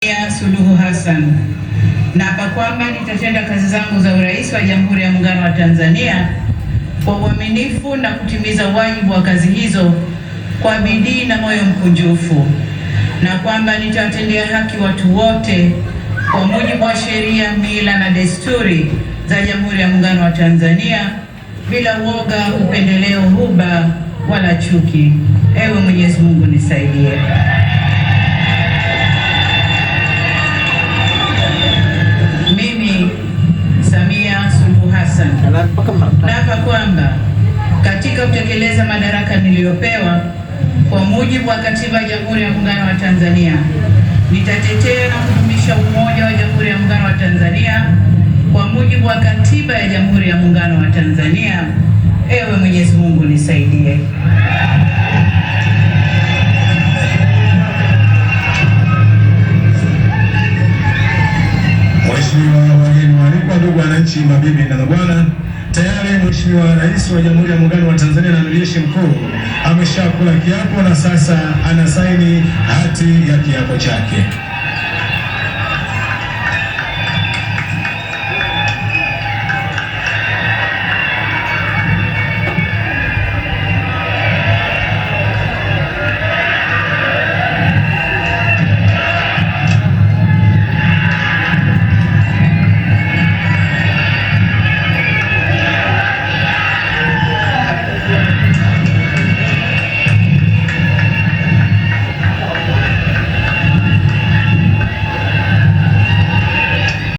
Samia Suluhu Hassan naapa kwamba nitatenda kazi zangu za urais wa Jamhuri ya Muungano wa Tanzania kwa uaminifu na kutimiza wajibu wa kazi hizo kwa bidii na moyo mkunjufu, na kwamba nitawatendea haki watu wote kwa mujibu wa sheria, mila na desturi za Jamhuri ya Muungano wa Tanzania bila uoga, upendeleo, huba wala chuki. Ewe Mwenyezi Mungu nisaidie. kwamba katika kutekeleza madaraka niliyopewa kwa mujibu wa Katiba ya Jamhuri ya Muungano wa Tanzania nitatetea na kudumisha umoja wa Jamhuri ya Muungano wa Tanzania kwa mujibu wa Katiba ya Jamhuri ya Muungano wa Tanzania. Ewe Mwenyezi Mungu nisaidie. Mheshimiwa wageni waalikwa, ndugu wananchi, mabibi na mabwana Tayari Mheshimiwa Rais wa Jamhuri ya Muungano wa Tanzania na Amiri Jeshi Mkuu ameshakula kiapo na sasa anasaini hati ya kiapo chake.